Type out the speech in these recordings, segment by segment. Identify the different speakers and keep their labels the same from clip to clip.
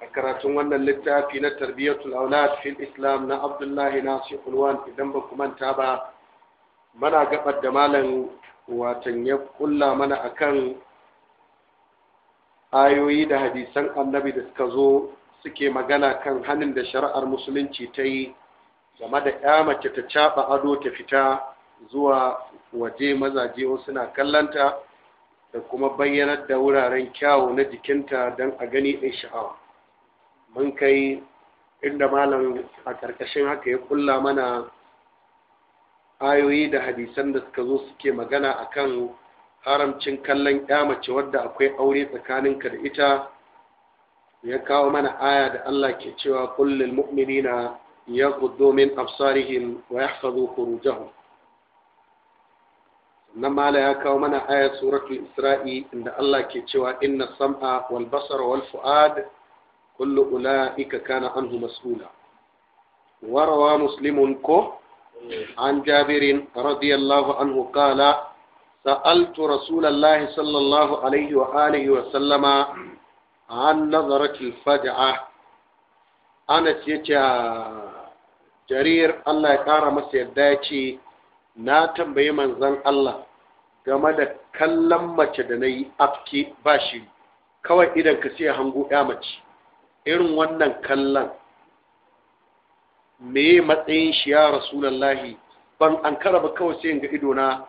Speaker 1: a karatun wannan littafi na tarbiyyatul aulad fil islam na abdullahi nasir ulwan idan ba manta ba mana gabar da malam watan ya kulla mana akan ayoyi da hadisan annabi da suka zo suke magana kan hannun da shari'ar musulunci ta yi game da ya mace ta caɓa ado ta fita zuwa waje mazaje suna kallanta da kuma bayyanar da wuraren kyawu na jikinta don a gani ɗin sha'awa mun kai inda malam a ƙarƙashin haka ya kulla mana ayoyi da hadisan da suka zo suke magana akan haramcin kallon ya mace wadda akwai aure tsakaninka da ita ya kawo mana aya da Allah ke cewa kullum na ya gudu min absarihim wa yahfazu sannan mala ya kawo mana aya suratul isra'i inda Allah ke cewa inna sam'a wal basara wal kullu ula'ika kana anhu mas'ula وروى مسلم كو عن جابر رضي الله عنه قال سألت رسول الله صلى الله عليه وآله وسلم عن نظرة الفجعة أنا تيجا جرير الله يقارى مسير دايتي ناتم بيمن زن الله game da kallon mace da na yi afki bashi kawai idan ka sai hango ya mace irin wannan kallon me matsayin shi ya rasulallahi ban an ba kawai sai ga ido na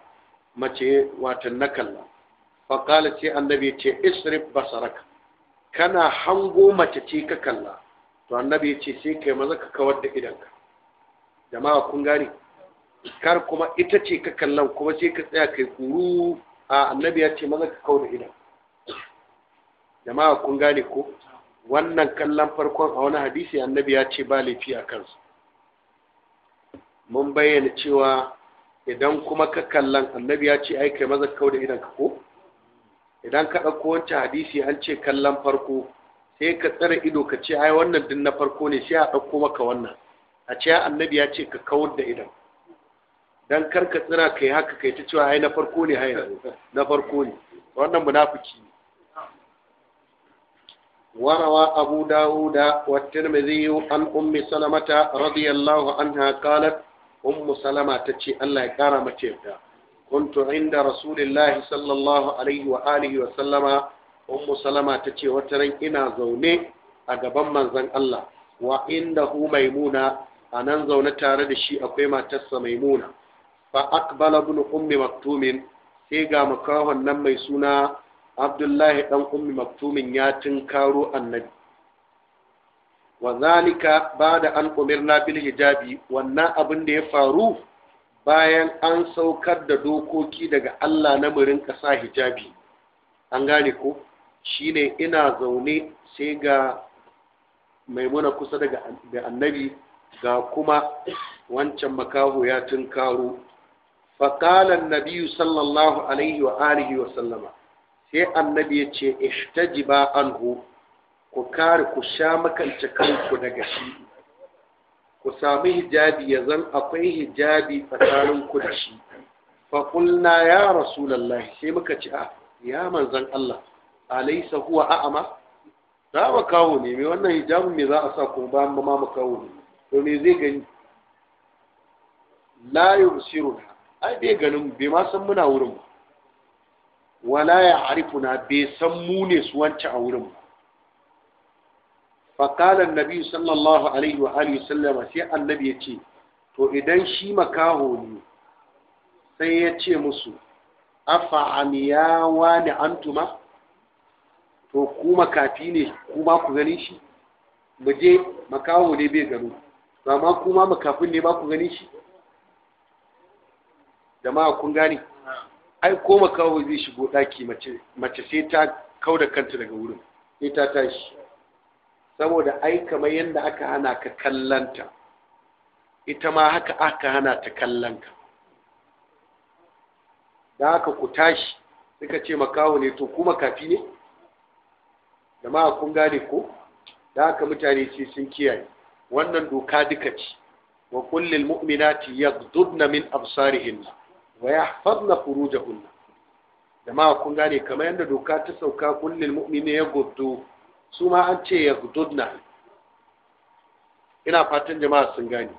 Speaker 1: mace watan na kalla faƙala ce annabi ce isrif basaraka kana hango mace ce ka kalla to annabi ce sai kai maza ka kawar da idanka jama'a kun gane kar kuma ita ce ka kallon kuma sai ka tsaya kai kuru a annabi ya ce maza ka kawar da idan jama'a kun gane ko wannan kallon farkon a wani hadisi annabi ya ce ba laifi a kansu mun bayyana cewa idan kuma ka kallon annabi ya ce ai kai maza kawo da idan ka ko idan ka ɗauko wancan hadisi an ce kallon farko sai ka tsara ido ka ce ai wannan din na farko ne sai a ɗauko maka wannan a ce annabi ya ce ka kawar da idan dan kar ka tsira kai haka kai ta cewa ai na farko ne hayar na farko ne wannan munafiki وروى أبو داود والترمذي عن أم سلمة رضي الله عنها قالت أم سلمة تشي الله كرم تشيبتا كنت عند رسول الله صلى الله عليه وآله وسلم أم سلمة تشي وترين إنا زوني أجبان من زن الله وعنده ميمونة أنا زونة تارد الشيء أقيمة تس ميمونة فأقبل ابن أم مكتوم سيقام كاهن نمي سنة abdullahi ɗan ummi maktumin ya tunkaro annabi wa zalika da an umirna bil hijabi wannan abin da ya faru bayan an saukar da dokoki daga Allah na murin ƙasa hijabi an gane ko shine ina zaune sai ga maimuna kusa daga annabi ga kuma wancan makaho ya tunkaro faƙalan nabiyu sallallahu alaihi wa alihi wa sallama sai annabi ya ce ba anhu ku kare ku sha makance kanku daga shi ku sami hijabi ya zan akwai hijabi tsakanin ku da shi fa qulna ya rasulullahi sai muka ci a ah, ya manzan Allah alaysa huwa a'ama Za mu kawo ne me wannan hijabin me za a sa kuma ba ma mu kawo ne to me zai gani la yubsiruna ai bai ganin bai ma san muna wurin ba wala ya na bai san mu ne su wance a wurin ba faƙalar nabi sallallahu alaihi wa alihi sallama sai annabi ya ce to idan shi makaho ne sai ya ce musu afa amiyawa ne antuma to ku makafi ne ku ba ku gani shi mu je makaho ne bai gano ba ma kuma makafin ne ba ku gani shi jama'a kun gani ai koma kawo zai shigo ɗaki mace sai ta kau da kanta daga wurin sai ta tashi saboda ai kamar yadda aka hana ka kallanta ita ma haka aka hana ta kallanka da haka ku tashi suka ce makawo ne to kuma kafi ne da ma kun gane ko da haka mutane sai sun kiyaye wannan doka duka ce wa kullil mu'minati yaghdudna min absarihinna wa yahfazna furujahunna jama'a kun gane kamar yadda doka ta sauka kullin mu'mini ya gudu su ma an ce ya gududna ina fatan jama'a sun gane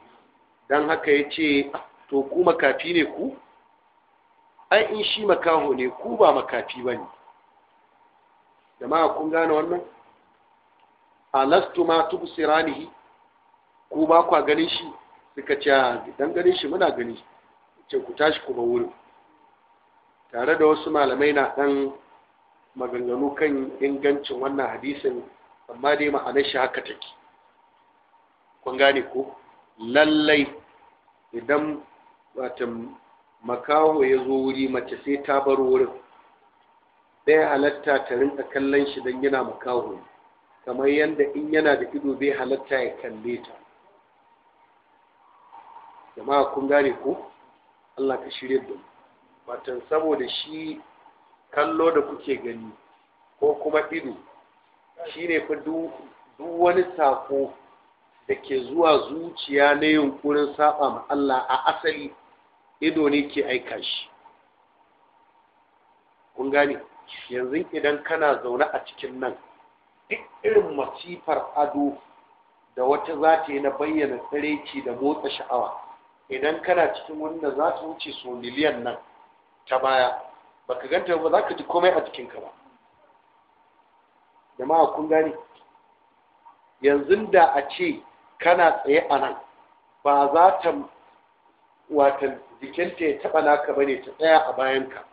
Speaker 1: dan haka ya ce to ku makafi ne ku ai in shi makaho ne ku ba makafi bane? ne jama'a kun gane wannan alastu ma tubsiranihi ku ba kwa ganin shi suka ce dan ganin shi muna ganin shi ce ku tashi ku wurin tare da wasu malamai na ɗan maganganu kan ingancin wannan hadisin amma dai ma'anar shi haka take kun gane ko lallai idan watan makaho ya zo wuri mace sai ta bar wurin ɗaya halatta ta rinka kallon shi don yana makawo kamar yadda in yana da ido bai halatta ya kalle ta jama'a kun gane ko Allah ka shirye da watan saboda shi kallo da kuke gani ko kuma ido shi ne fi duk wani sako da ke zuwa zuciya na yunkurin saba ma Allah a asali ido ne ke aika shi kun gane yanzu idan kana zaune a cikin nan duk irin masifar ado da wata za ta yi na bayyana tsareci da motsa sha'awa idan kana cikin wanda za ta wuce su miliyan nan ta baya ba ka ganta ba za ka ji komai a jikinka ba jama'a kun gane yanzu da a ce kana tsaye a nan ba za ta watan jikinta ya taɓa naka ba ne ta tsaya a bayanka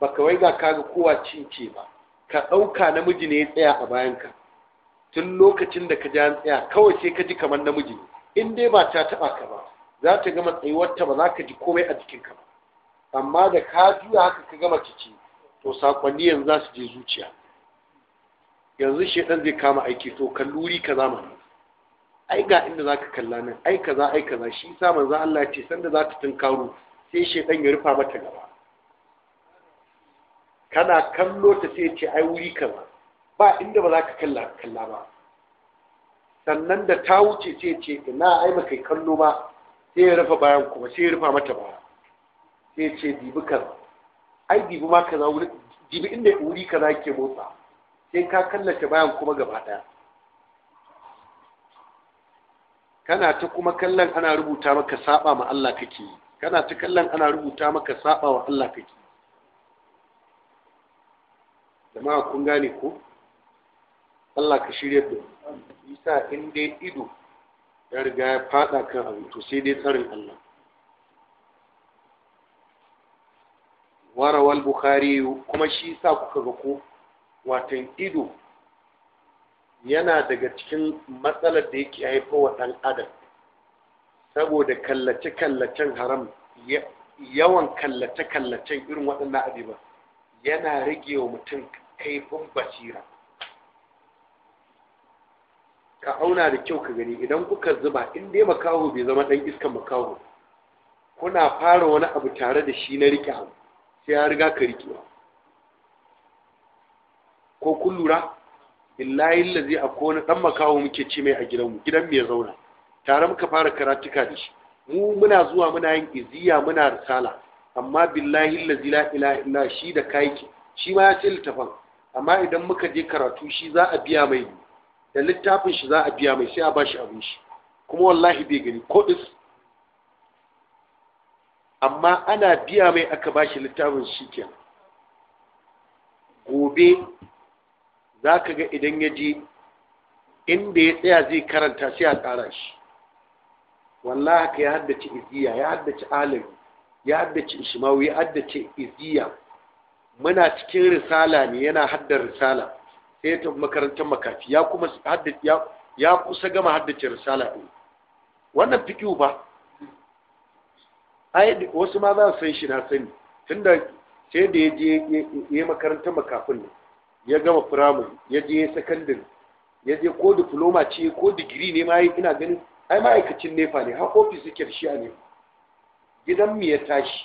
Speaker 1: ba ka wai ga kaga kowa cince ba ka ɗauka namiji ne ya tsaya a bayanka tun lokacin da ka ji an tsaya kawai sai ka ji kamar namiji in dai ba ta taɓa ka ba za ta gama tsayuwarta ba za ka ji komai a jikinka ba amma da ka juya haka ka gama ciki to sakonni yanzu za su je zuciya yanzu shedan zai kama aiki to luri ka zamani ai ga inda za ka kalla nan ai kaza ai kaza shi sa manzo Allah ce sanda za ta tunkaru, sai shedan ya rufa mata gaba kana kallo ta sai ce ai wuri kaza ba inda ba za ka kalla kalla ba sannan da ta wuce sai ce ina ai baka kallo ba sai ya rufe bayan kuma sai ya rufa mata baya sai ya ce dibi kaza ai dibi ma kaza wuri dibi inda wuri kaza ke motsa sai ka kallace bayan kuma gaba daya kana ta kuma kallon ana rubuta maka saba ma Allah kake yi kana ta kallon ana rubuta maka saba wa Allah kake jama'a kun gane ko Allah ka shirya da isa in dai ido ya riga ya fada kan abu to sai dai tsarin Allah warawal bukhari kuma shi sa kuka ga ko watan ido yana daga cikin matsalar da yake haifar wa ɗan adam saboda kallace-kallacen haram yawan kallace-kallacen irin waɗannan abubuwa yana rage wa mutum kaifin basira ka auna da kyau ka gani idan kuka zuba in dai makaho bai zama dan iskan makaho kuna fara wani abu tare da shi na rike abu sai ya riga ka wa? ko kun lura billahi lazi a kone dan makaho muke ci mai a gidanmu gidan mai zauna tare muka fara karatuka da shi mu muna zuwa muna yin iziya muna risala amma billahi lazi la ilaha illa shi da kaiki shi ma ya ce littafan amma idan muka je karatu shi za a biya mai da littafin shi za a biya mai sai a bashi abin shi kuma wallahi bai gani ko is amma ana biya mai aka ba shi littafin shi ke gobe za ka ga idan ya je inda ya tsaya zai karanta sai a tsara shi wallahi ka ya haddace iziya ya haddace alawi ya haddace ishimawi ya haddace iziya muna cikin risala ne yana haddar risala ya makarantar makafi ya kuma ya kusa gama haddace risala ɗin wannan fikihu ba ai wasu ma za su san shi na sani tunda sai da ya je ya yi makarantar makafin ne ya gama firamare ya je ya sakandare ya je ko diploma ce ko digiri ne ma ina ganin ai ma'aikacin nefa ne har ofis yake shi a nefa gidan mu ya tashi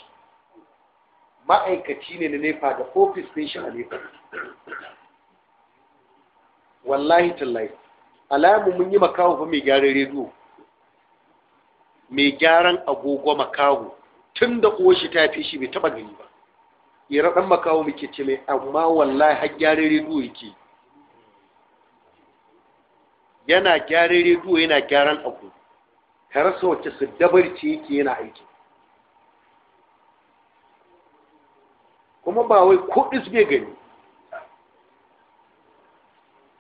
Speaker 1: ma'aikaci ne na nefa da ofis ne shi a nefa wallahi tallahi alamu mun yi makaho fa mai gyaran rediyo mai gyaran agogo makaho tun da uwashi ta fi shi bai taba gani ba ira ɗan makaho muke ce mai amma wallahi har gyaran rediyo yake yana gyaran rediyo yana gyaran agogo ka rasa wacce su dabarci yake yana aiki kuma ba wai ko bai gani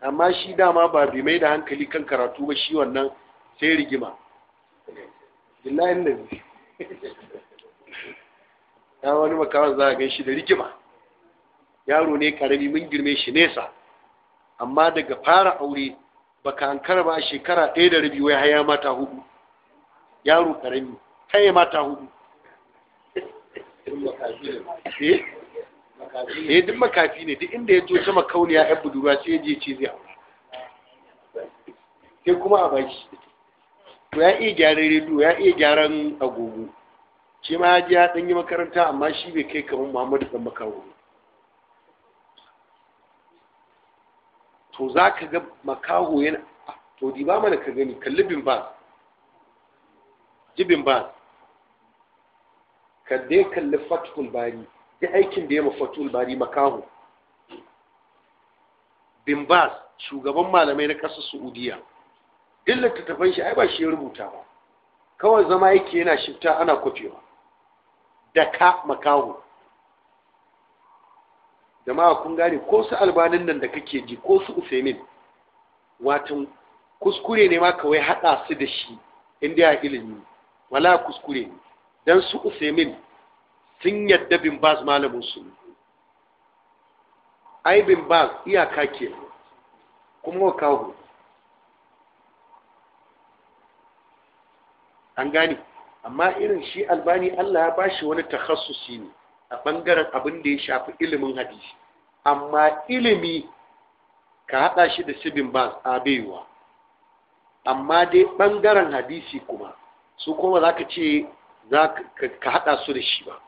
Speaker 1: amma shi dama ba bai mai da hankali kan karatu ba shi wannan sai rigima billahi nabi ya wani makawan za a gan shi da rigima yaro ne karami mun girme shi nesa amma daga fara aure baka hankara ba shekara ɗaya da rabi wai haya mata hudu yaro karami haya mata hudu eh? eh duk makafi ne duk inda ya jo ta makauniya yan budurwa sai ya ce zai aure sai kuma a baki to ya iya gyaran rediyo ya iya gyaran agogo shi ma ya jiya ya ɗan yi makaranta amma shi bai kai kamar muhammadu ɗan makawo to za ka ga makawo yana to di ba mana ka gani kalli bin ba jibin ba ka dai kalli fatihul bari da aikin da ya mafatul bari makahu bin bas shugaban malamai na ƙasar saudiya duk littattafan shi ai ba shi ya rubuta ba kawai zama yake yana shifta ana kwafewa da ka makahu jama'a kun gane ko su albanin nan da kake ji ko su usaimin watan kuskure ne ma kawai haɗa su da shi inda ya ilimi wala kuskure ne don su usaimin Tun yadda bin bas malamin su ai bin bas iyaka ke kuma wa kawo an gane amma irin shi albani allah ya bashi wani takhassusi ne a bangaren abin da ya shafi ilimin hadisi amma ilimi ka haɗa shi da sibin bas a baiwa amma dai ɓangaren hadisi kuma su kuma za ka ce ka haɗa su da shi ba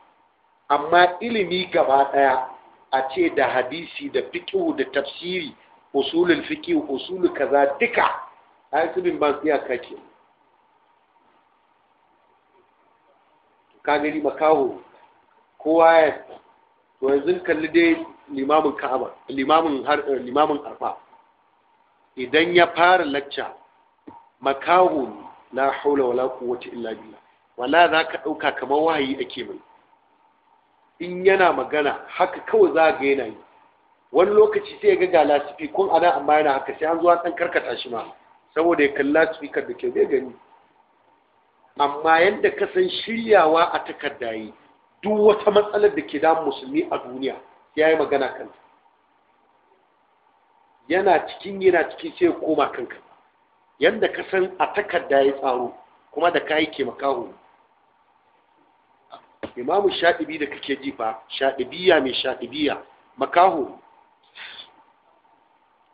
Speaker 1: amma ilimi gaba ɗaya a ce da hadisi da fiqh da tafsiri usulul fiqh usul kaza duka ai su bin ban iyaka kake ka gani makaho kowa ya to yanzu kalli dai limamin ka'aba limamin har eh, limamin arfa idan ya fara lacca makaho la haula wala quwwata illa billah wala za ka dauka kamar wahayi ake mai in yana magana haka kawai za ga yana yi wani lokaci sai ga ga lasifi kun ana amma yana haka sai an zuwa ɗan karkata shi ma saboda ya kalli lasifikar da ke zai gani amma yadda ka san shiryawa a takarda yi duk wata matsalar da ke da musulmi a duniya ya yi magana kanta yana cikin yana cikin sai ya koma kanka yadda ka san a takarda ya tsaro kuma da ka yi ke makaho imamu shaɗibi da kake ji shaɗibiya mai shaɗibiya makaho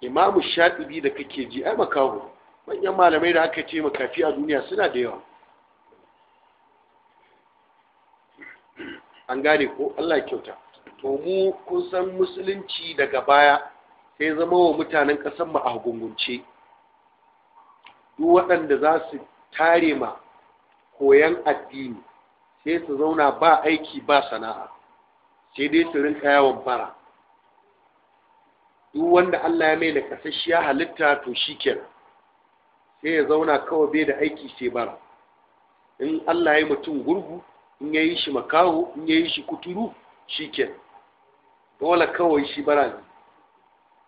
Speaker 1: imamu shaɗibi da kake ji ai makahu manyan malamai da aka ce makafi a duniya suna da yawa an gane ko Allah kyauta to mu kun san musulunci daga baya sai zama wa mutanen ƙasar ma a gungunce duk waɗanda za su tare ma koyan addini sai su zauna ba aiki ba sana'a sai dai su rinka yawon fara. duk wanda Allah ya mai da kasashiya halitta to shi kenan sai ya zauna kawai bai da aiki sai bara in Allah ya mutum gurgu in ya yi shi makaho in ya yi shi kuturu shi kenan dole kawai shi bara ne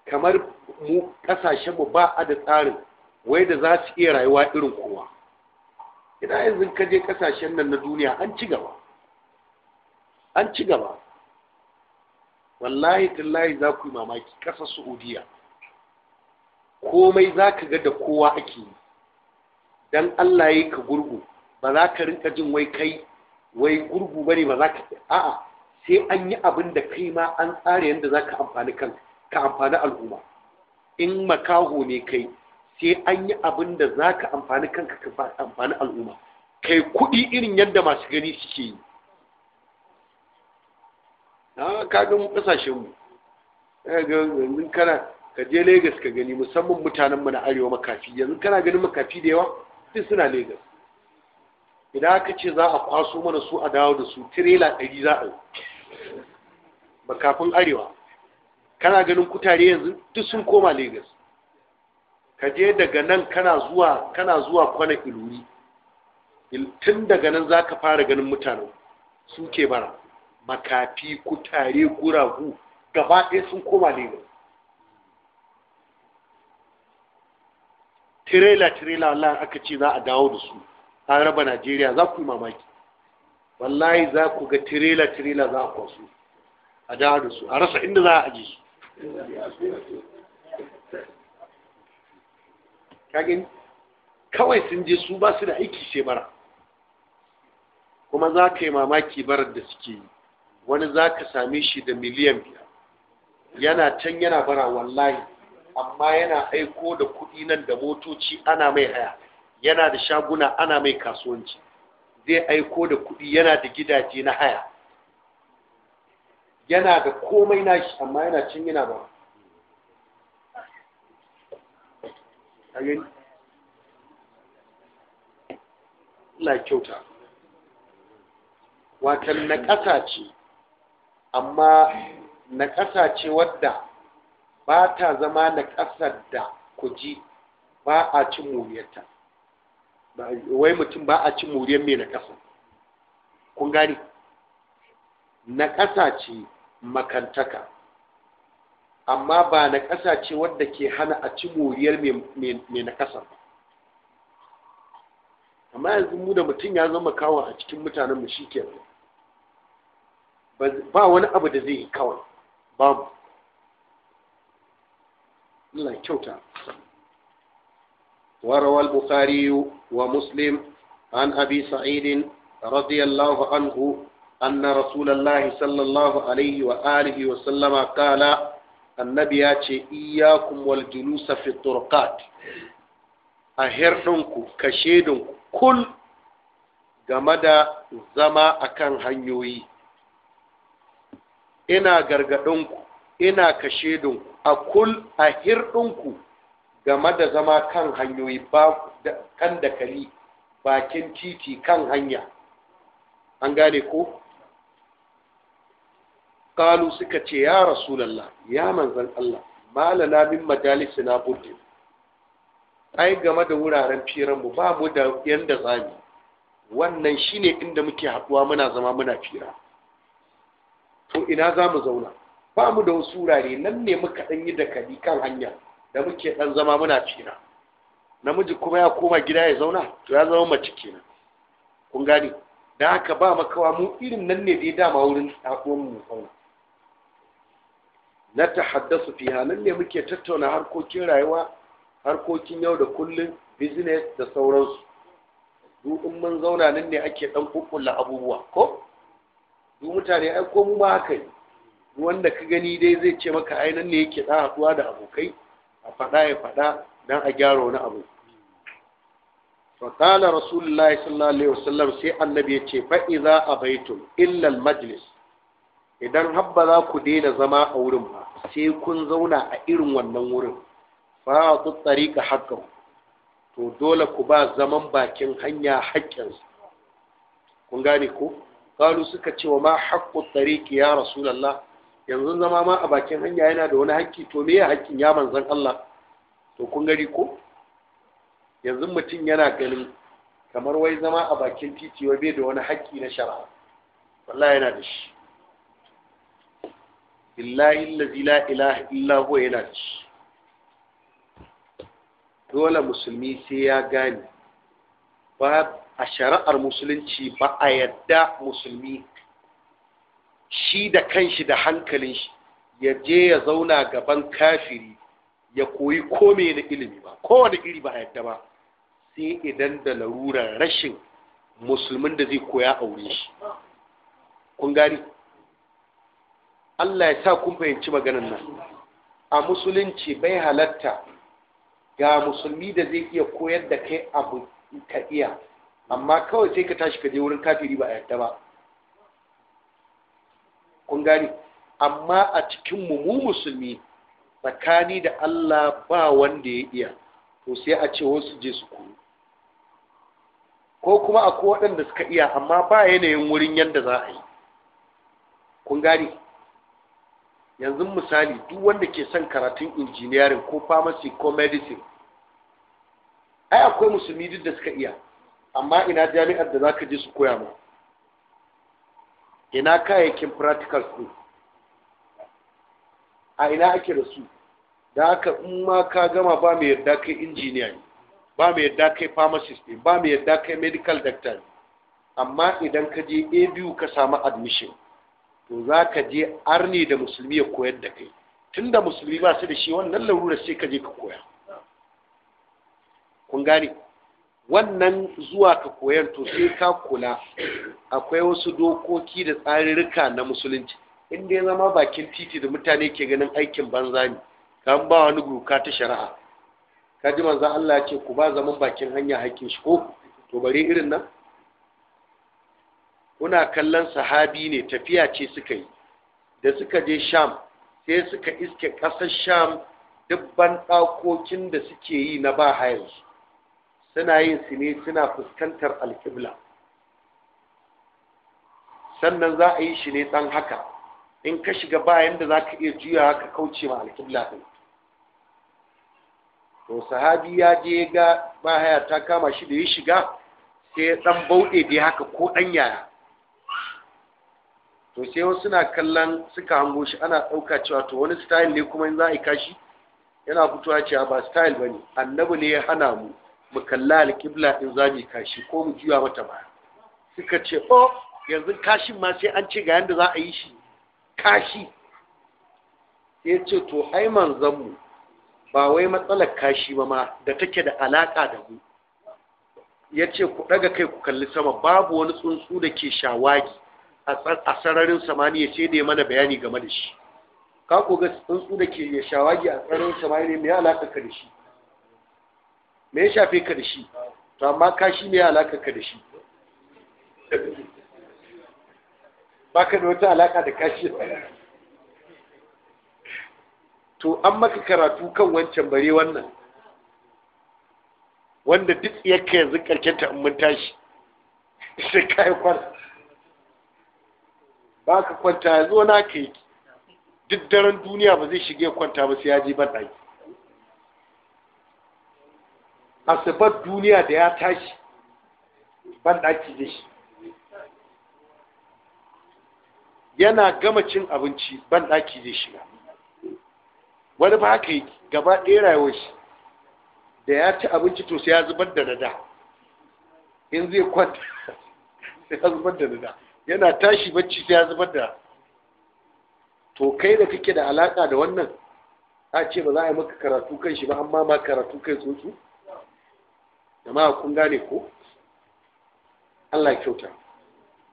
Speaker 1: kamar mu kasashe mu ba a da tsarin wai da za su iya rayuwa irin kowa ina yanzu ka je kasashen nan na duniya an ci gaba an ci gaba wallahi tallahi za ku yi mamaki ƙasa saudiya komai za ka ga da kowa ake yi don allah ya ka gurgu ba za ka rinka jin wai kai wai gurgu ne ba za ka a'a sai an yi abin da kai ma an tsara yadda za ka amfani kan ka amfani al'umma in makaho ne kai sai an yi abin da za ka amfani kanka ka amfani al'umma kai kuɗi irin yadda masu gani suke yi na kagan ƙasashenmu yanzu kana ka je Legas ka gani musamman mutanen mu na arewa makafi yanzu kana ganin makafi da yawa duk suna Legas. idan aka ce za a kwaso mana su a dawo da su tirela ɗari za a yi makafin arewa kana ganin kutare yanzu duk sun koma Legas. ka je daga nan kana zuwa kana zuwa kwana iluri tun daga nan za ka fara ganin mutane ke bara makafi kutare guragu gaba ɗaya sun koma ne tirela-tirela Allah aka ce za a dawo da su A raba Najeriya za ku yi mamaki wallahi za ku ga tirela-tirela za a kwasu a dawo da su a rasa inda za a aji su kagin kawai sun je su ba su da aiki sai kuma za ka yi mamaki barar da suke yi wani za ka same shi da miliyan biyar yana can yana bara wallahi amma yana aiko da kuɗi nan da motoci ana mai haya yana da shaguna ana mai kasuwanci zai aiko da kuɗi yana da gidaje na haya yana da komai nashi amma yana can yana bara a kyauta na ƙasa ce amma na ƙasa ce wadda ba ta zama na ƙasar da ku ji ba a cin muryarta, wai mutum ba a cin moriyar mai na ƙasa kun gani na ƙasa ce makantaka amma ba na ƙasa ce wadda ke hana a ci moriyar mai na ƙasa ba amma yanzu mu da mutum ya zama kawo a cikin mutanenmu shi ke ba wani abu da zai yi kawai ba mu nuna kyauta warawar bukari wa muslim an abi sa'idin radiyallahu anhu anna rasulallah sallallahu alaihi wa alihi wa sallama kala annabi ya ce iyakun wal julusa fi turqat a herdinku kashe shedinku kul game da zama akan hanyoyi ina gargadinku ina kashe a kul a hirdinku game da zama kan hanyoyi kan dakali bakin titi kan hanya an gane ko qalu suka ce ya rasulullah ya manzon Allah malana min na buddin ai game da wuraren firan mu ba mu da yanda zami wannan shine inda muke haɗuwa muna zama muna fira to ina za mu zauna ba mu da wasu wurare nan ne muka dan yi kadi kan hanya da muke ɗan zama muna fira namiji kuma ya koma gida ya zauna to ya zama mace kenan kun gane da haka ba makawa mu irin nan ne dai dama wurin haɗuwan mu zauna na tahaddasu fiha nan ne muke tattauna harkokin rayuwa harkokin yau da kullum business da sauransu duk mun zauna nan ne ake dan kukkulla abubuwa ko duk mutane ai ko mu ma haka yi wanda ka gani dai zai ce maka ai nan ne yake da haɗuwa da abokai a faɗa ya faɗa dan a gyara wani abu فقال sallallahu alaihi wasallam sai annabi ya ce النبي za a أبيتم إلا majlis idan habba za ku daina zama a wurin ba sai kun zauna a irin wannan wurin ba a ku tsarika haƙƙin to dole ku ba zaman bakin hanya haƙƙinsu kun gane ko kalu suka ce wa ma haƙƙu tsariki ya rasulallah yanzu zama ma a bakin hanya yana da wani haƙƙi to me ya haƙƙin ya manzan Allah to kun gani ko yanzu mutum yana ganin kamar wai zama a bakin titi wai bai da wani haƙƙi na shara'a wallahi yana da shi billahi la ilaha illa huwa yana ci dole musulmi sai ya gane ba a shari'ar musulunci ba a yadda musulmi shi da kanshi da hankalin shi ya je ya zauna gaban kafiri ya koyi kome na ilimi ba kowane iri ba a yadda ba sai idan da larurar rashin musulmin da zai koya aure shi kun gani Allah ya sa kun fahimci maganan nan a musulunci bai halatta ga musulmi da zai iya koyar da kai abu ka iya amma kawai sai ka tashi ka je wurin kafiri ba a yarda ba kun gani amma a cikin mu mu musulmi tsakani da Allah ba wanda ya iya to sai a ce wasu je su koyo ko kuma akwai waɗanda suka iya amma ba yanayin wurin yadda za a yi kun gani yanzu misali duk wanda ke son karatun injiniyarin ko pharmacy ko medicine ai akwai musulmi duk da suka iya amma ina jami'ar da za ka je su koya ma ina kayayyakin practical school a ina ake da su da haka in ma ka gama ba mai yarda kai injiniya ne ba mai yarda kai pharmacist ne ba mai yarda kai medical doctor ne amma idan ka je a biyu ka samu admission to za ka je arni da musulmi ya koyar da kai tunda musulmi ba su da shi wannan larura sai ka je ka koya kun gane wannan zuwa ka koyar to sai ka kula akwai wasu dokoki da tsarirrika na musulunci inda ya zama bakin titi da mutane ke ganin aikin banza ne kan ba wani guka ta shari'a ka ji Allah ya ce ku ba zaman bakin hanya hakkin shi ko to bare irin nan kuna kallon sahabi ne tafiya ce suka yi da suka je sham sai suka iske ƙasar sham dubban ɗakokin da suke yi na ba hayansu suna yin su ne suna fuskantar alƙibla sannan za a yi shi ne ɗan haka in ka shiga bayan da za ka iya juya haka kauce ma alƙibla ɗin to sahabi ya je ga haya ta kama shi da ya shiga sai ya ɗan bauɗe da haka ko ɗan yaya to sai wasu suna kallon suka hango shi ana ɗauka cewa to wani style ne kuma in za a yi kashi yana fitowa cewa ba style ba ne annabi ne ya hana mu mu kalla alƙibla in za mu kashi ko mu juya mata baya suka ce o oh, yanzu kashin ma sai an ce ga yadda za a yi shi kashi ya ce to ai manzanmu ba wai matsalar kashi ba ma da take da alaƙa da mu ya ce ku ɗaga kai ku kalli sama babu wani tsuntsu da ke shawagi a sararin samaniya ce da ya mana bayani game da shi ka ko ga tsuntsu da ke ya shawagi a sararin samaniya mai alaka ka da shi me ya shafe ka da shi to amma ka shi mai alaka ka da shi ba ka da wata alaka da kashi to an maka karatu kan wancan bare wannan wanda duk ya yanzu karkenta in mun tashi sai kayi kwana ba ka kwanta ya zo na ka yi duk daren duniya ba zai shige kwanta ba sai ya je ban ɗaki asibar duniya da ya tashi ban ɗaki da shi yana gama cin abinci ban ɗaki zai shiga wani ba haka yi gaba ɗaya rayuwar shi da ya ci abinci to sai ya zubar da nada in zai kwanta sai ya zubar da nada yana tashi bacci sai ya zubar da to kai da kake da alaka da wannan a ce ba za a yi maka karatu kan shi ba amma ma karatu kai tsotsu jama'a kun gane ko Allah kyauta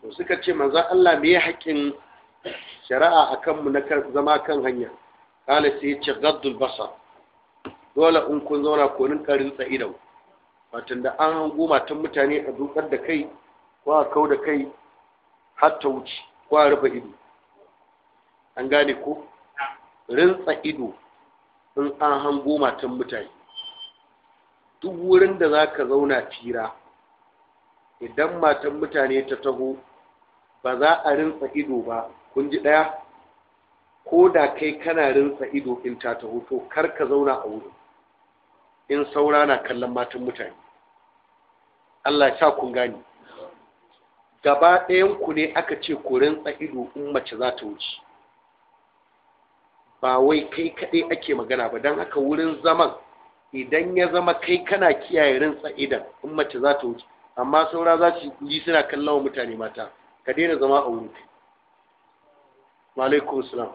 Speaker 1: to suka ce manzo Allah me ya haƙin shari'a a kanmu na zama kan hanya kala sai ya ce gaddul basa dole in kun zauna ko nin karin tsaidau Fatan da an hango matan mutane a dukar da kai ko a kau da kai har ta wuce kwa rufe ido an gane ko rintsa ido in an hango matan mutane duk wurin da za ka zauna fira idan matan mutane ta taho ba za a rintsa ido ba kun ji ɗaya ko da kai kana rintsa ido in ta taho to kar ka zauna a wurin in saura na kallon matan mutane Allah ya sa kun gane. gaba ɗayan ku ne aka ce koren tsa'ido in mace za ta wuce ba wai kai kaɗai ake magana ba don haka wurin zaman idan ya zama kai kana kiyaye rin tsa'idan in mace za ta wuce amma saura za su yi suna kallon wa mutane mata ka daina zama a wurin malaikun salam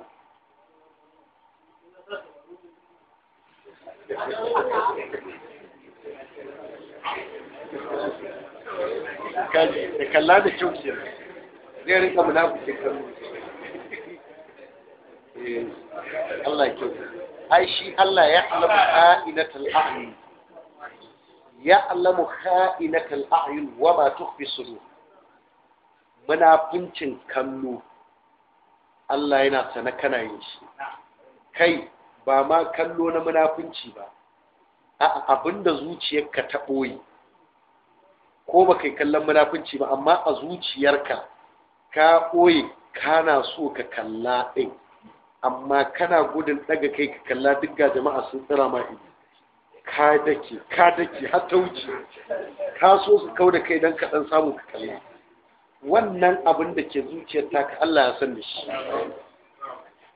Speaker 2: kaji da kalla da kyau ke zai rika munafikin
Speaker 1: kanu eh, Allah ya kyau ai shi Allah ya alamu ka'inatul a'yun ya alamu ha'inatul a'yun wa ma tukhfi sudur munafincin kallo Allah yana sana kana yin shi kai ba ma kallo na munafunci ba a abinda zuciyarka ta ɓoye ko ba kai kallon munafunci ba amma a zuciyarka ka koyi kana so ka kalla ɗin amma kana gudun ɗaga kai ka kalla duk ga jama'a sun tsira ma ka dake ka dake har ta wuce ka so su kau da kai don ka ɗan samu ka kalla wannan abin da ke zuciyar ta ka Allah ya san da shi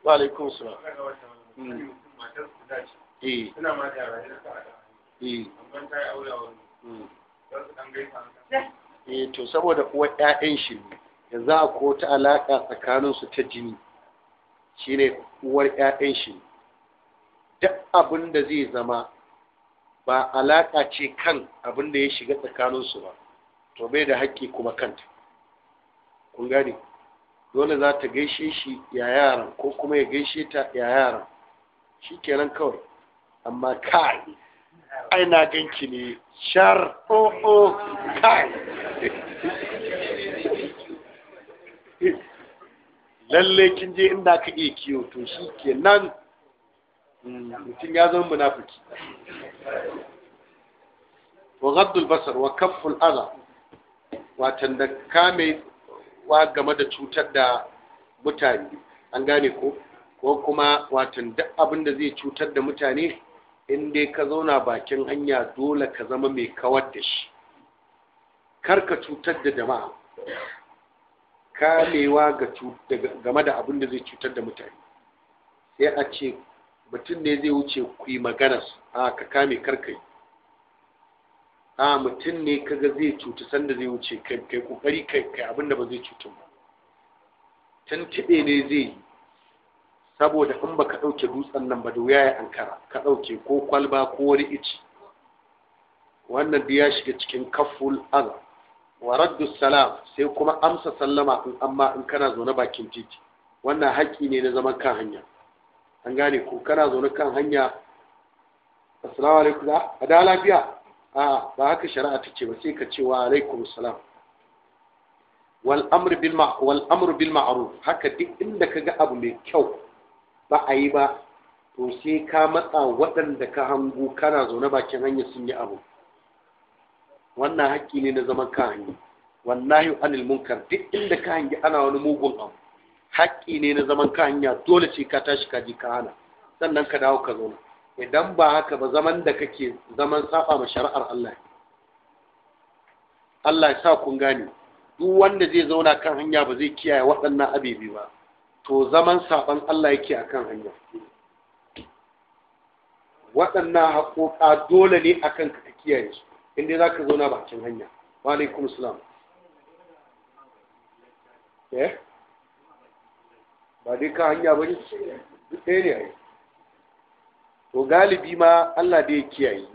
Speaker 1: wa alaikum salam
Speaker 2: eh ina ma da yara ta eh amma ta aure
Speaker 1: eh to saboda uwar ƴaƴan shi ne yanzu a ko ta alaƙa tsakanin su ta jini shine uwar ƴaƴan shi duk abin da zai zama ba alaƙa ce kan abin da ya shiga tsakanin su ba to bai da haƙƙi kuma kanta kun gane dole za ta gaishe shi ya yaran ko kuma ya gaishe ta ya yaran shikenan kawai amma kai aina na ganki ne shar o'o kai lalle kin je inda ka iya kiyo to shi ke nan hmm, mutum ya zama munafiki wa gaddul basar wa kafful aza watan da kame wa game da cutar da mutane an gane ko ko kuma watan duk abin da zai cutar da mutane in dai ka zauna bakin hanya dole ka zama mai kawar da shi kar ka cutar da jama'a kamewa game da abin da zai cutar da mutane sai a ce mutum ne zai wuce ku yi magana a ka kame karkai a mutum ne kaga zai cuta sanda zai wuce kai kokari kai abin da ba zai cutu ba tantaɓe ne zai yi saboda in ba ka ɗauke dutsen nan ba da wuya ya ankara ka ɗauke ko kwalba ko wani ici wannan da ya shiga cikin kaful azab wa raddu salam sai kuma amsa sallama in amma in kana zaune bakin titi wannan haƙƙi ne na zaman kan hanya an gane ko kana zaune kan hanya assalamu alaikum a da lafiya a ba haka shari'a ta ce ba sai ka ce wa alaikum salam wal amru bil ma'ruf haka duk inda kaga abu mai kyau ba a yi ba to sai ka matsa waɗanda ka hango kana zaune bakin hanya sun yi abu wannan haƙƙi ne na zaman ka Wannan, wallahi anil munkar duk inda ka hangi ana wani mugun abu haƙƙi ne na zaman ka hanya dole ce ka tashi ka ji ka hana sannan ka dawo ka zauna idan ba haka ba zaman da kake zaman saba ma shari'ar Allah Allah ya sa kun gane duk wanda zai zauna kan hanya ba zai kiyaye waɗannan abebi ba to zaman saban Allah yake kan hanya waɗannan haƙoƙa dole ne kan ka kiyaye su inda za ka zo na bakin hanya wa alaikum eh ba dai ka hanya ba ne duk ne a yi to galibi ma Allah da ya kiyaye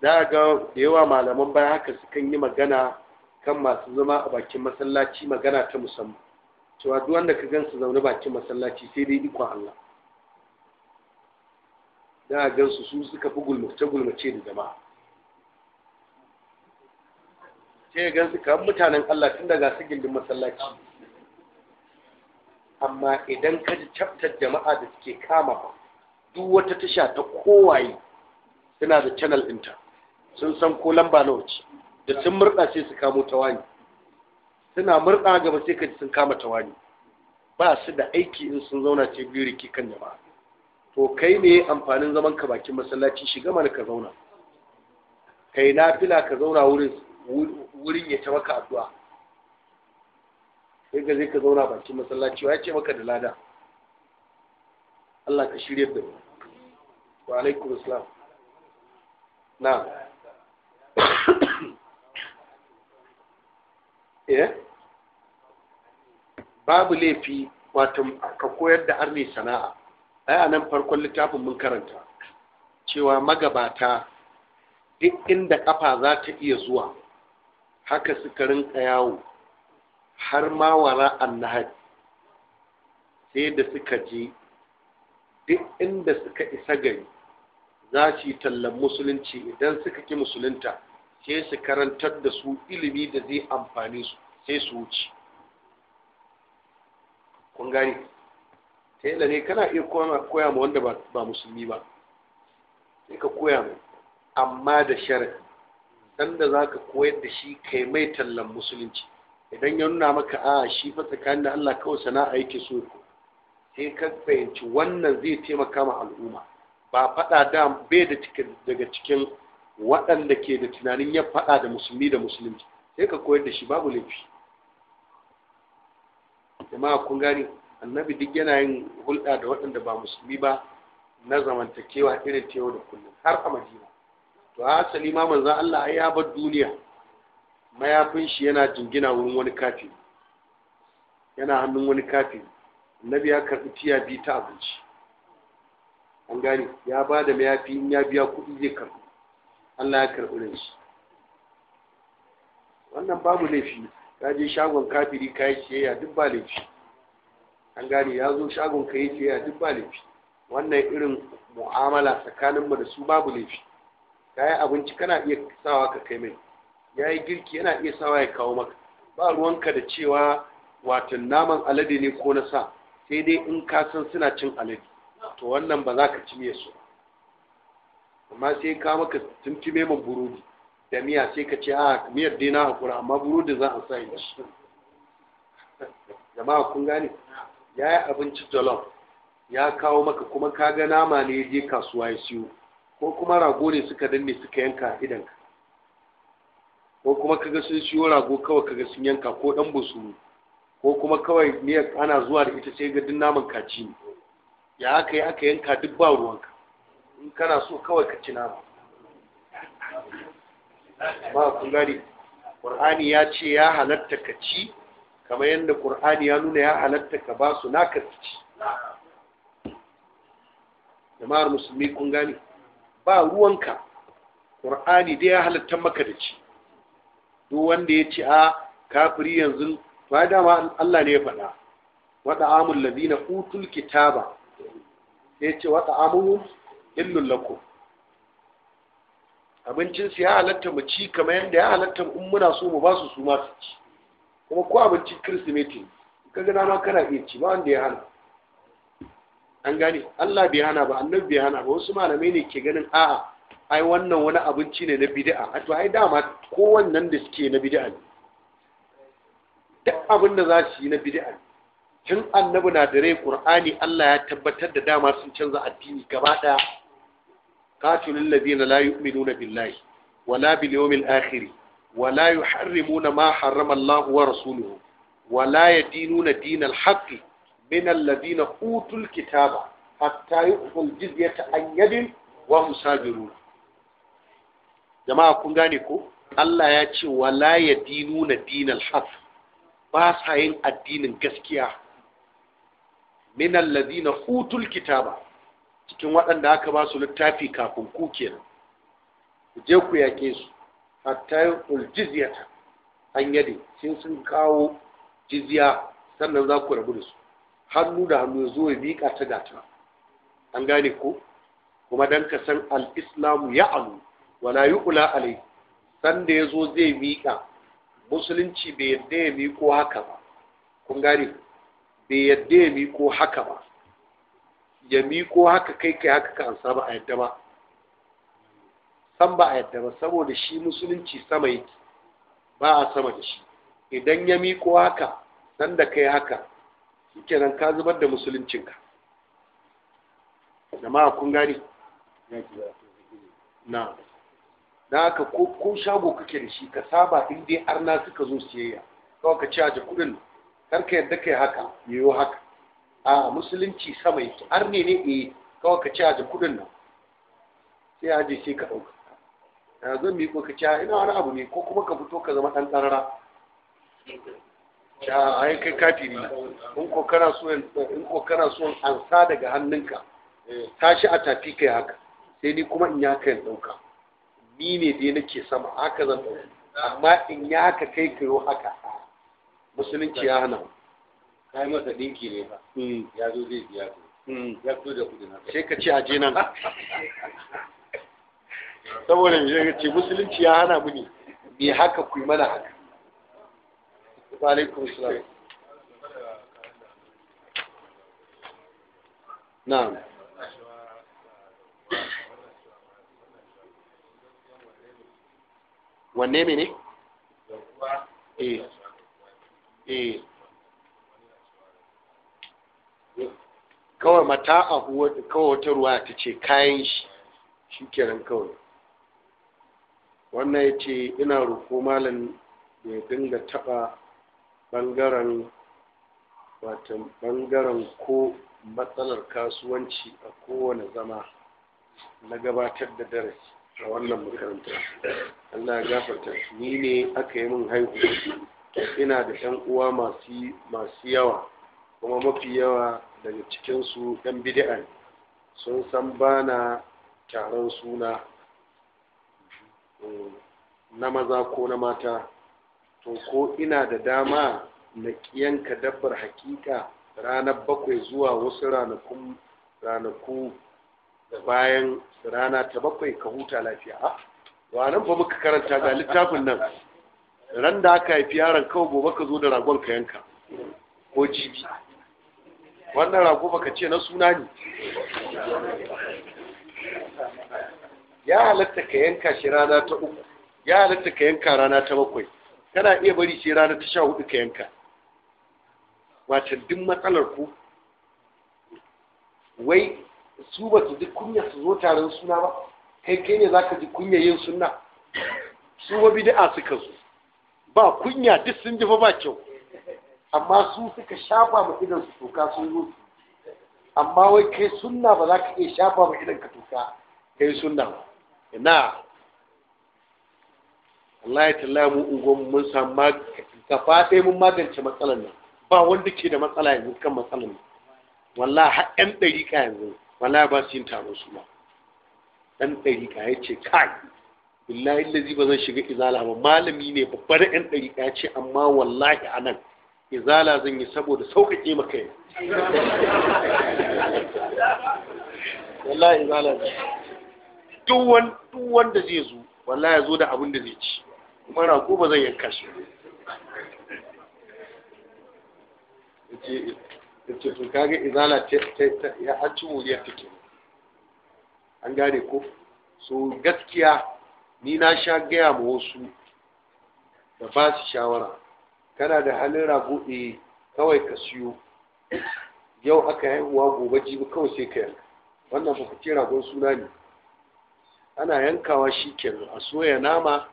Speaker 1: da ga da yawa malaman baya haka sukan yi magana kan masu zama a bakin masallaci magana ta musamman cewa duk wanda ka gansu zaune bakin masallaci sai dai ikon Allah da a gansu su suka fi gulmace gulmace da jama'a sai gansu kamar mutanen Allah tun daga su gindin masallaci amma idan ka ji captar jama'a da suke kama ba duk wata tasha ta kowaye suna da channel inta sun san ko lamba nawa ce da sun murɗa sai su kamo ta suna murɗa gaba sai ka ji sun kama tawani ba su da aiki in sun zauna ce biyu riki kan jama'a to kai ne amfanin zaman ka bakin masallaci shiga mana ka zauna kai na fila ka zauna wurin wurin ya ta maka addu'a sai ka zai ka zauna bakin masallaci ya ce maka da lada Allah ka shirye da mu wa alaikum assalam na eh babu laifi wato ka koyar da arni sana'a ai a nan farkon littafin mun karanta cewa magabata duk inda kafa za ta iya zuwa haka suka rinka yawo har ma wara annahar sai da suka je duk inda suka isa gari za su yi tallan musulunci idan suka ki musulunta sai su karantar da su ilimi da zai amfani su sai su wuce kun gani ta yadda ne kana iya koya ma wanda ba musulmi ba sai ka koya mai amma da sharafi dan da za ka koyar da shi kai mai tallan musulunci idan ya nuna maka a shi fa tsakanin da Allah kawai sana'a yake so sai ka fahimci wannan zai taimaka ma al'umma ba faɗa da bai da daga cikin waɗanda ke da tunanin ya faɗa da musulmi da musulunci sai ka koyar da shi babu laifi jama'a kun gane annabi duk yana yin hulɗa da waɗanda ba musulmi ba na zamantakewa irin ta yau da kullum har a madina to asali ma manzan Allah ya bar duniya mayafin shi yana jingina wurin wani kafi yana hannun wani kafi annabi ya karɓi tiya biyu ta abinci an gane ya ba da mayafi in ya biya kuɗi zai karɓi Allah ya karɓi shi wannan babu laifi ka je shagon kafiri ka yi ciyayya duk ba laifi an gane ya zo shagon ka yi ciyayya duk ba laifi wannan irin mu'amala tsakanin mu da su babu laifi ka yi abinci kana iya sawa ka kai mai ya yi girki yana iya sawa ya kawo maka ba ruwanka da cewa watan naman alade ne ko na sa sai dai in ka san suna cin alade to wannan ba za ka ci su amma sai ka maka tuntume mai burodi da miya sai ka ce a ah, miyar dina a haƙura amma burodi za a sa yi ci jama'a kun gane ya yi abinci jalof ya kawo maka kuma ka ga nama ne ya je kasuwa ya siyo ko kuma rago ne suka danne suka yanka idanka ko kuma ga sun siyo rago kawai ga sun yanka ko dan busu ko kuma kawai miyar ana zuwa da ita sai ga duk naman kaci ne ya aka yi aka yanka duk ba ruwanka in kana so kawai ka ci nama
Speaker 2: ba ku gane
Speaker 1: qur'ani ya ce ya halatta ka ci kamar yadda qur'ani ya nuna ya halatta ka ba su naka su ci jama'ar musulmi kun gane ba ruwanka qur'ani dai ya halatta maka da ci duk wanda ya ce a kafiri yanzu to da dama Allah ne ya faɗa wata amul ladina utul kitaba ya ce wata amul illul lakum abincinsu ya halatta mu ci kamar yadda ya halatta in muna so mu ba su su ma su ci kuma ko abincin kirsimeti ka ga dama kana iya ci ba wanda ya hana an gane Allah bai hana ba annabi bai hana ba wasu malamai ne ke ganin a'a ai wannan wani abinci ne na bid'a a to ai dama ko wannan da suke na bid'a ne duk abin da za su yi na bid'a ne tun annabi na da rai qur'ani Allah ya tabbatar da dama sun canza addini gaba daya qatilul ladina la yu'minuna billahi wala bil yawmil akhir wala yuharrimuna ma harrama Allah wa rasuluhu wala yadinuna dinal haqq min alladhina utul kitaba hatta yu'tul jizyata an yadin wa hum jama'a kun gane ko Allah ya ce wala yadinuna dinar haqq ba sa yin addinin gaskiya min na hutul kitaba cikin waɗanda aka ba su littafi kafin ku kenan ku je ku yaƙe su hatta uljizyata an yade sai sun kawo jizya sannan za ku rabu da su hannu da hannu zo ya miƙa ta gata an gane ko kuma dan ka san al-islamu ya alu wala yu'la alai sanda ya zo zai miƙa musulunci bai yadda ya miƙo haka ba kun gane bai yadda ya miƙo haka ba ya miko haka kai kai haka ka ansa ba a yadda ba san ba a yadda ba saboda shi musulunci sama yake ba a sama da shi idan ya miko haka san da kai haka kenan ka zubar da musuluncinka jama'a kun gani na da haka ko shago kake da shi ka saba in dai arna suka zo siyayya kawai ka ci a Kar karka yadda kai haka yiwu haka a musulunci sama yake har ne ne eh kawai ka ci aji kudin nan sai aje sai ka ɗauka A zan mi ko ka ci ina wani abu ne ko kuma ka fito ka zama ɗan tsarara
Speaker 2: ya ai kai kati in ko kana
Speaker 1: so in ko kana so an sa daga hannunka tashi a tafi kai haka sai ni kuma in ya kai ɗauka. ni ne dai nake sama haka zan ɗauka amma in ya ka kai kayo haka musulunci ya hana mu kai masa dinki ne fa hmm. ya zo zai biya ku hmm. ya fito da kudin haka sai ka ce a je nan saboda me ci, musulunci ya hana mu ne me haka ku mana haka wa alaikum salam na'am wanne ne? eh eh kawai mata a kawai wata ruwa ta ce kayan shi shi kenan kawai wannan ya ce ina roƙo malam ya dinga taɓa ɓangaren watan ɓangaren ko matsalar kasuwanci a kowane zama na gabatar da darasi a wannan makaranta allah ya gafarta ni ne aka yi min haihu ina da 'yan uwa masu yawa kuma mafi yawa daga cikinsu ɗan bidi'a sun san bana taron suna mm, na maza ko na mata to ko ina da dama na ƙiyanka dabbar hakika ranar bakwai zuwa wasu ranakun ranaku bayan rana ta bakwai ka huta lafiya a ah, ranar ba muka karanta ga littafin nan Randa da aka haifi yaron kawai gobe ka zo da ragon ka yanka ko jibi wannan rago baka ce na suna ne ya halatta ka yanka shi rana ta uku ya halatta ka yanka rana ta bakwai kana iya bari shi rana ta sha hudu ka yanka wata duk matsalar ku wai su ba su ji kunya su zo taron suna ba kai kai ne zaka ji kunya yin suna. su wa bid'a suka zo ba kunya duk sun ji fa ba kyau amma su suka shafa ma idan su toka sun zo amma wai kai sunna ba za ka iya shafa ma idan ka toka kai sunna ba ina Allah ya talla mu ugon mun samu gaba ɗaya mun magance matsalar nan ba wanda ke da matsala yanzu kan matsalar nan wallah har ɗan ɗariƙa yanzu wallah ba su yin taron su ma ɗan ɗariƙa ya ce kai billahi lazi ba zan shiga izala ba malami ne babbar ɗan ɗariƙa ce amma wallahi a nan izala zan yi saboda sauƙaƙe maka yi wallahi izala zan duk wanda zai zo wallahi ya zo da abin da zai ci kuma rago ba zan yanka shi da to kaga izala ya an ci wuriyar take an gane ko so gaskiya ni na sha gaya ma wasu da ba su shawara kana da halin rago eh, kawai ka siyo yau aka haihuwa gobe jibi kawai sai ka yanka wannan ba ragon suna ne ana yankawa shi kenan a soya nama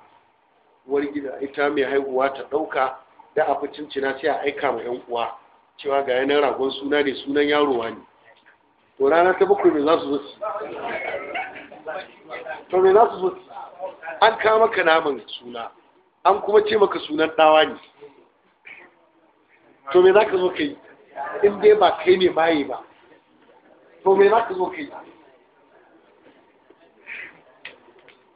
Speaker 1: uwar gida ita mai haihuwa ta ɗauka da a cincina sai a aika ma yan uwa cewa ga yanar ragon suna ne sunan yarowa ne to rana ta bakwai mai za su zuci
Speaker 2: to mai za su zuci an kama ka
Speaker 1: naman suna an kuma ce maka sunan ɗawa ne to me za ka zo ka yi in dai ba kai ne maye ba to me za ka zo ka yi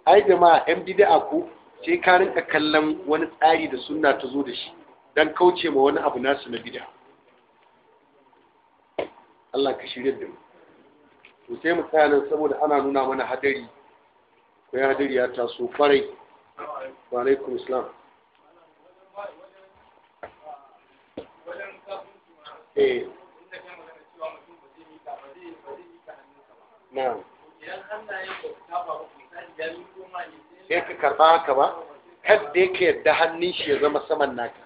Speaker 1: ai jama'a yan bid'a ko sai ka rinka kallon wani tsari da sunna ta zo da shi dan kauce ma wani abu nasu na bid'a Allah ka shirya da mu to sai mu tsaya nan saboda ana nuna mana hadari ko ya hadari ya taso kwarai wa alaikum assalam eh na'am sai ka karɓa haka ba kadda yake yadda hannun shi ya zama saman naka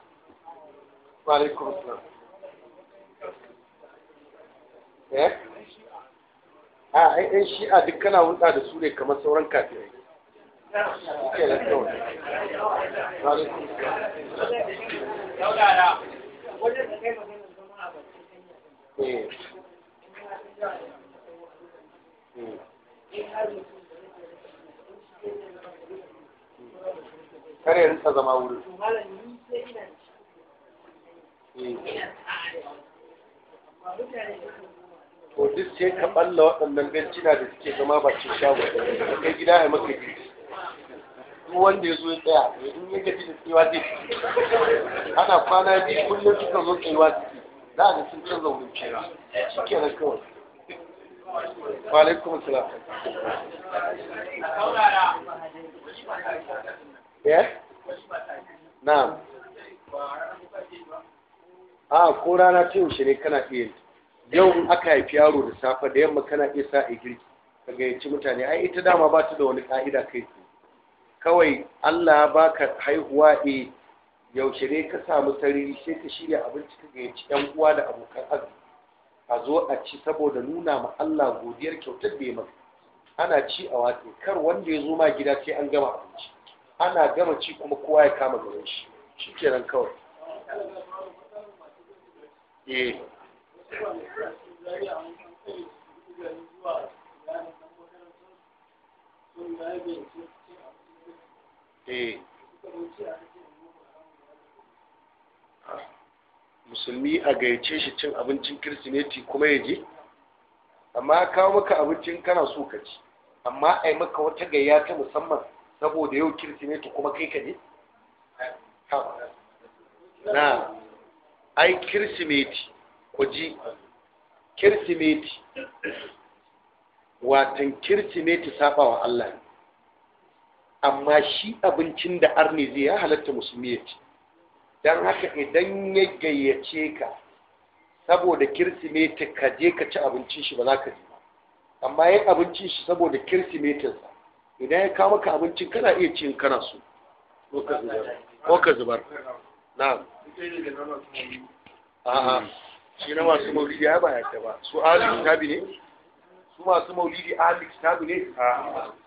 Speaker 1: wa alaikum salam eh? a ai ɗan shi'a duk kana hulɗa da su ne kamar sauran kafirai
Speaker 2: suke da kawai
Speaker 1: kare ya rinka zama wuri to duk sai ka balla waɗannan bencina da suke zama bakin shago da kai gida ya maka gidi duk wanda ya zo ya tsaya in ya gaji da tsiwa zai ana kwana biyu kullum suka zo ce. za ga sun canza wurin kenan shi kenan kawai وعليكم السلام ايه a ko rana ta yaushe ne kana iya yau aka haifi yaro da safe da yamma kana iya sa girki. ka gayyaci mutane ai ita dama ba ta da wani ka'ida kai kawai Allah baka haihuwa e yaushe ne ka samu sarari sai ka shirya abinci ka gayyaci yan uwa da abokan arziki a zo a ci saboda nuna ma Allah godiyar kyautar da ya maka ana ci a wato kar wanda ya zo ma gida sai an gama abinci ana gama ci kuma kowa ya kama gaban shi shikenan kawai eh eh musulmi a gayyace shi cin abincin kirsimeti kuma ya je amma kawo maka abincin kana so ka ci amma ai maka wata gayya ta musamman saboda yau kirsimeti kuma kai ka je na ai kirsimeti ku ji kirsimeti watan kirsimeti saba wa Allah amma shi abincin da arni zai ya halatta musulmi ya ci don haka idan ya gayyace ka saboda kirsimeti ka je ka ci abincin shi ba za ka ji, ba amma yin abincin shi saboda sa idan ya kawo maka abincin kana iya cin kana so ko ka zubar na a'a shi na masu maulidi ya ba ya ba su ahli tabi ne su masu maulidi ahli tabi ne a'a